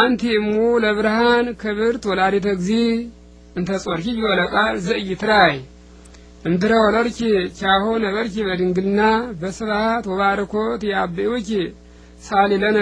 አንቲ እሙ ለብርሃን ክብርት ወላዲተ እግዚ እንተ ጾርኪ ወለቃል ዘኢትራይ እምድረ ወለድኪ ቻሆ ነበርኪ በድንግልና በስብሐት ወባርኮት ያብኡኪ ሳሊ ለነ